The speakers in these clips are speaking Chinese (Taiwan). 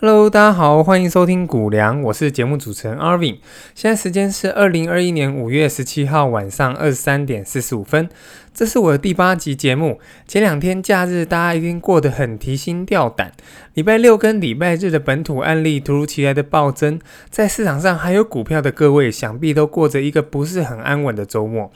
Hello，大家好，歡迎收聽股量，我是節目主持人 Arvin。現在時間是二零二一年五月十七號晚上二十三點四十五分，這是我的第八集節目。前兩天假日，大家一定過得很提心吊膽。禮拜六跟禮拜日的本土案例突如其來的暴增，在市場上還有股票的各位，想必都過着一個不是很安穩的週末。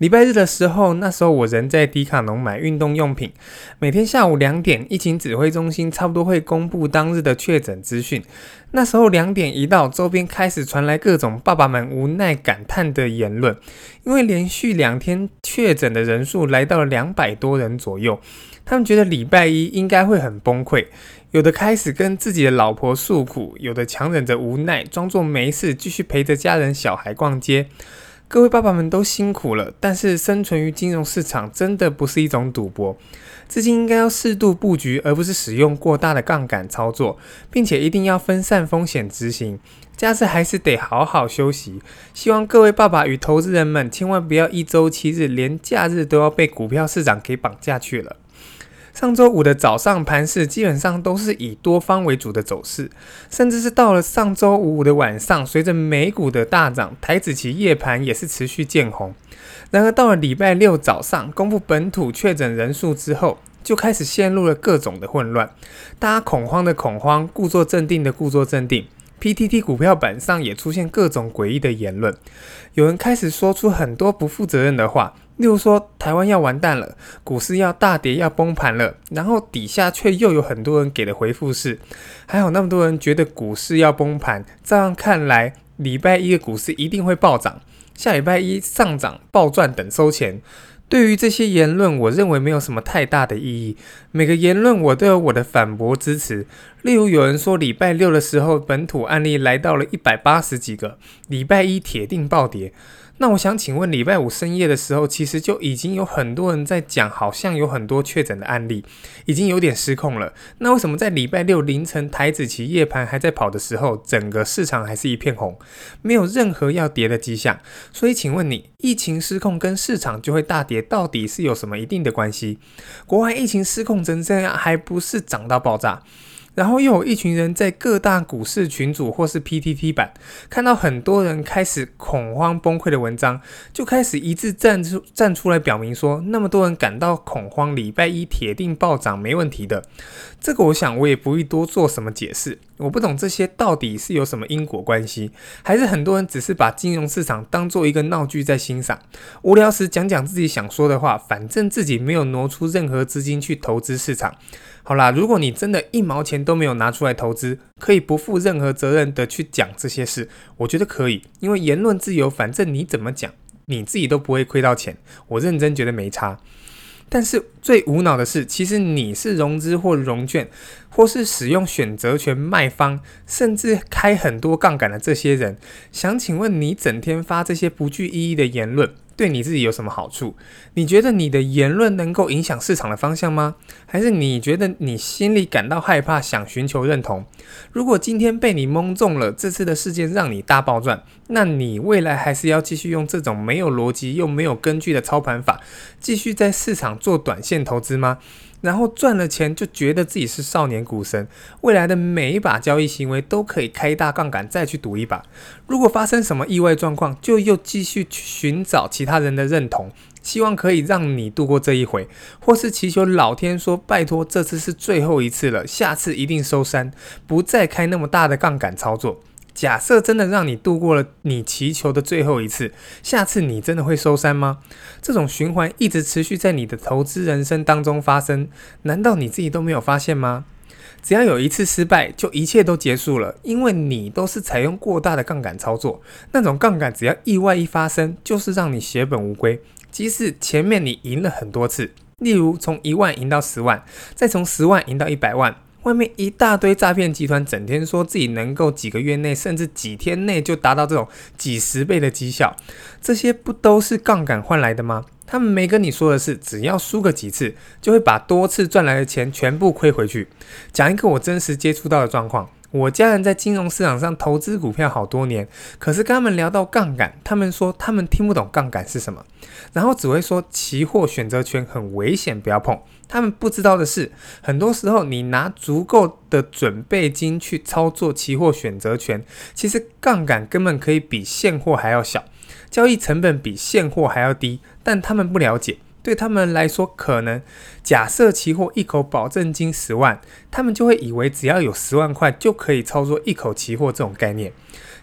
禮拜日的時候，那時候我人在迪卡儂買運動用品。每天下午兩點，疫情指揮中心差不多會公布當日的確診資訊。那時候兩點一到，周邊開始傳來各種爸爸們無奈感嘆的言論，因為連續兩天確診的人數來到了兩百多人左右，他們覺得禮拜一應該會很崩潰。有的開始跟自己的老婆訴苦，有的強忍着無奈，裝作沒事，繼續陪着家人小孩逛街。各位爸爸們都辛苦了，但是生存於金融市場真的不是一種賭博，資金應該要適度布局，而不是使用過大的槓桿操作，並且一定要分散風險執行。假日還是得好好休息。希望各位爸爸與投資人們千萬不要一週七日連假日都要被股票市場給綁架去了。上周五的早上盤勢基本上都是以多方為主的走勢，甚至是到了上周五的晚上，隨着美股的大漲，台指期夜盤也是持續見紅。然而到了禮拜六早上公布本土確診人數之後，就開始陷入了各種的混亂，大家恐慌的恐慌，故作鎮定的故作鎮定。PTT 股票板上也出現各種詭異的言論，有人開始說出很多不負責任的話。例如說，台灣要完蛋了，股市要大跌，要崩盤了，然後底下卻又有很多人給的回覆是，還有那麼多人覺得股市要崩盤，這樣看來，禮拜一的股市一定會暴漲，下禮拜一上漲暴賺等收錢。對於這些言論，我認為沒有什麼太大的意義，每個言論我都有我的反駁支持。例如有人說，禮拜六的時候本土案例來到了一百八十幾個，禮拜一鐵定暴跌。那我想請問，禮拜五深夜的時候，其實就已經有很多人在講，好像有很多確診的案例，已經有點失控了。那為什麼在禮拜六凌晨台指期夜盤還在跑的時候，整個市場還是一片紅，沒有任何要跌的跡象？所以請問你，疫情失控跟市場就會大跌，到底是有什麼一定的關係？國外疫情失控，真正還不是漲到爆炸？然後又有一群人在各大股市群組或是 PTT 版，看到很多人開始恐慌崩潰的文章，就開始一致站出站出來表明說，那麼多人感到恐慌，禮拜一鐵定暴漲，沒問題的。這個我想我也不會多做什麼解釋。我不懂這些到底是有什麼因果關係，還是很多人只是把金融市場當做一個鬧劇在欣賞，無聊時講講自己想說的話，反正自己沒有挪出任何資金去投資市場。好啦，如果你真的一毛錢都沒有拿出來投資，可以不負任何責任的去講這些事，我覺得可以，因為言論自由，反正你怎麼講，你自己都不會虧到錢，我認真覺得沒差。但是最無腦的是，其實你是融資或融券，或是使用選擇權賣方，甚至開很多槓桿的這些人，想請問你整天發這些不具意義的言論。對你自己有什麼好處？你覺得你的言論能夠影響市場的方向嗎？還是你覺得你心裡感到害怕，想尋求認同？如果今天被你蒙中了，這次的事件讓你大爆賺，那你未來還是要繼續用這種沒有邏輯又沒有根據的操盤法，繼續在市場做短線投資嗎？然後賺了錢，就覺得自己是少年股神，未來的每一把交易行為都可以開一大槓桿再去賭一把。如果發生什麼意外狀況，就又繼續去尋找其他人的認同，希望可以讓你度過這一回，或是祈求老天說，拜托，這次是最後一次了，下次一定收山，不再開那麼大的槓桿操作。假設真的讓你度過了你祈求的最後一次，下次你真的會收山嗎？這種循環一直持續在你的投資人生當中發生，難道你自己都沒有發現嗎？只要有一次失敗，就一切都結束了，因為你都是採用過大的槓桿操作，那種槓桿只要意外一發生，就是讓你血本無歸。即使前面你贏了很多次，例如從一萬贏到十萬，再從十萬贏到一百萬。外面一大堆詐騙集團，整天說自己能夠幾個月內，甚至幾天內就達到這種幾十倍的績效，這些不都是槓桿換來的嗎？他們沒跟你說的是，只要輸個幾次，就會把多次賺來的錢全部虧回去。講一個我真實接觸到的狀況。我家人在金融市場上投資股票好多年，可是跟他們聊到槓桿，他們說他們聽不懂槓桿是什麼，然後只會說期貨選擇權很危險，不要碰。他們不知道的是，很多時候你拿足夠的準備金去操作期貨選擇權，其實槓桿根本可以比現貨還要小，交易成本比現貨還要低，但他們不了解。對他們來說，可能假設期貨一口保證金十萬，他們就會以為只要有十萬塊就可以操作一口期貨這種概念。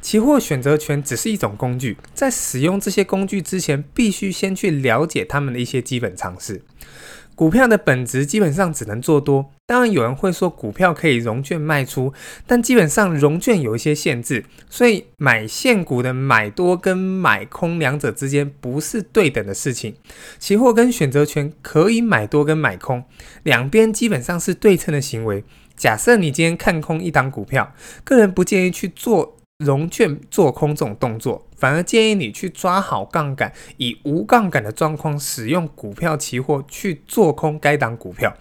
期貨選擇權只是一種工具，在使用這些工具之前，必須先去了解他們的一些基本常識。股票的本質基本上只能做多，當然有人會說股票可以融券賣出，但基本上融券有一些限制，所以買現股的買多跟買空兩者之間不是對等的事情。期貨跟選擇權可以買多跟買空，兩邊基本上是對稱的行為。假設你今天看空一檔股票，個人不建議去做。融券做空這種動作，反而建議你去抓好槓桿，以無槓桿的狀況使用股票期貨去做空該檔股票，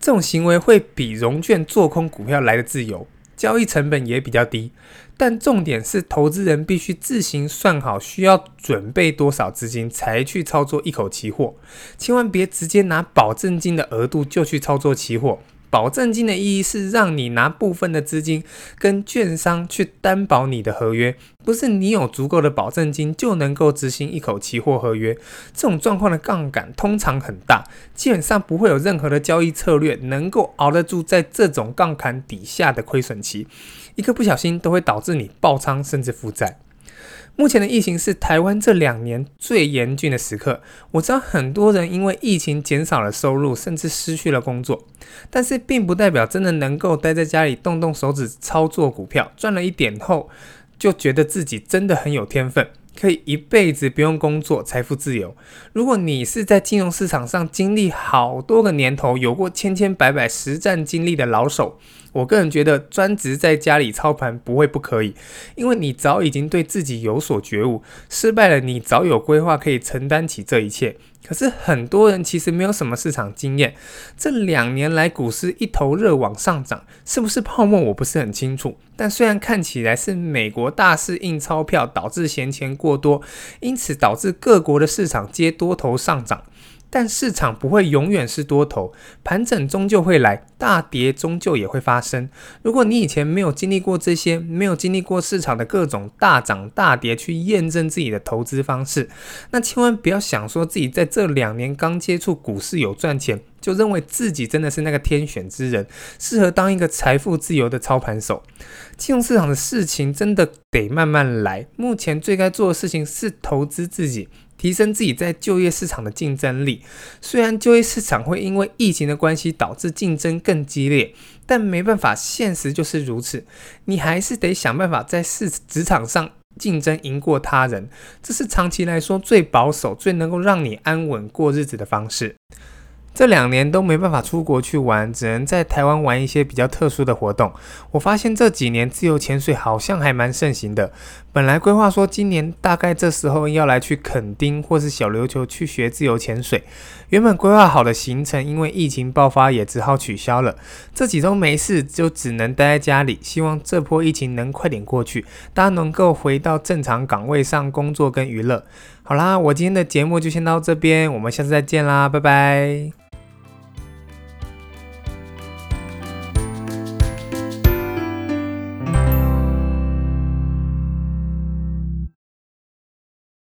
這種行為會比融券做空股票來得自由，交易成本也比較低。但重點是，投資人必須自行算好需要準備多少資金才去操作一口期貨，千萬別直接拿保證金的額度就去操作期貨。保證金的意義是讓你拿部分的資金跟券商去擔保你的合約，不是你有足夠的保證金就能夠執行一口期貨合約。這種狀況的槓桿通常很大，基本上不會有任何的交易策略能夠熬得住在這種槓桿底下的虧損期，一個不小心都會導致你爆倉甚至負債。目前的疫情是台灣這兩年最嚴峻的時刻。我知道很多人因為疫情減少了收入，甚至失去了工作，但是並不代表真的能夠待在家裡動動手指操作股票，賺了一點後就覺得自己真的很有天分，可以一輩子不用工作，財富自由。如果你是在金融市場上經歷好多個年頭，有過千千百百實戰經歷的老手，我個人覺得專職在家裡操盤不會不可以，因為你早已經對自己有所覺悟，失敗了你早有規劃可以承擔起這一切。可是很多人其實沒有什麼市場經驗，這兩年來股市一頭熱往上漲，是不是泡沫？我不是很清楚。但雖然看起來是美國大肆印鈔票導致閒錢過多，因此導致各國的市場皆多頭上漲。但市場不會永遠是多頭，盤整終究會來，大跌終究也會發生。如果你以前沒有經歷過這些，沒有經歷過市場的各種大漲大跌去驗證自己的投資方式，那千萬不要想說自己在這兩年剛接觸股市有賺錢，就認為自己真的是那個天選之人，適合當一個財富自由的操盤手。金融市場的事情真的得慢慢來，目前最該做的事情是投資自己。提升自己在就業市場的競爭力。雖然就業市場會因為疫情的關係導致競爭更激烈，但沒辦法，現實就是如此。你還是得想辦法在市職場上競爭贏過他人，這是長期來說最保守、最能夠讓你安穩過日子的方式。這兩年都沒辦法出國去玩，只能在台灣玩一些比較特殊的活動。我發現這幾年自由潛水好像還蠻盛行的。本來規劃說今年大概這時候要來去墾丁或是小琉球去學自由潛水，原本規劃好的行程因為疫情爆發也只好取消了。這幾週沒事就只能待在家裡，希望這波疫情能快點過去，大家能夠回到正常崗位上工作跟娛樂。好啦，我今天的節目就先到這邊，我們下次再見啦，拜拜。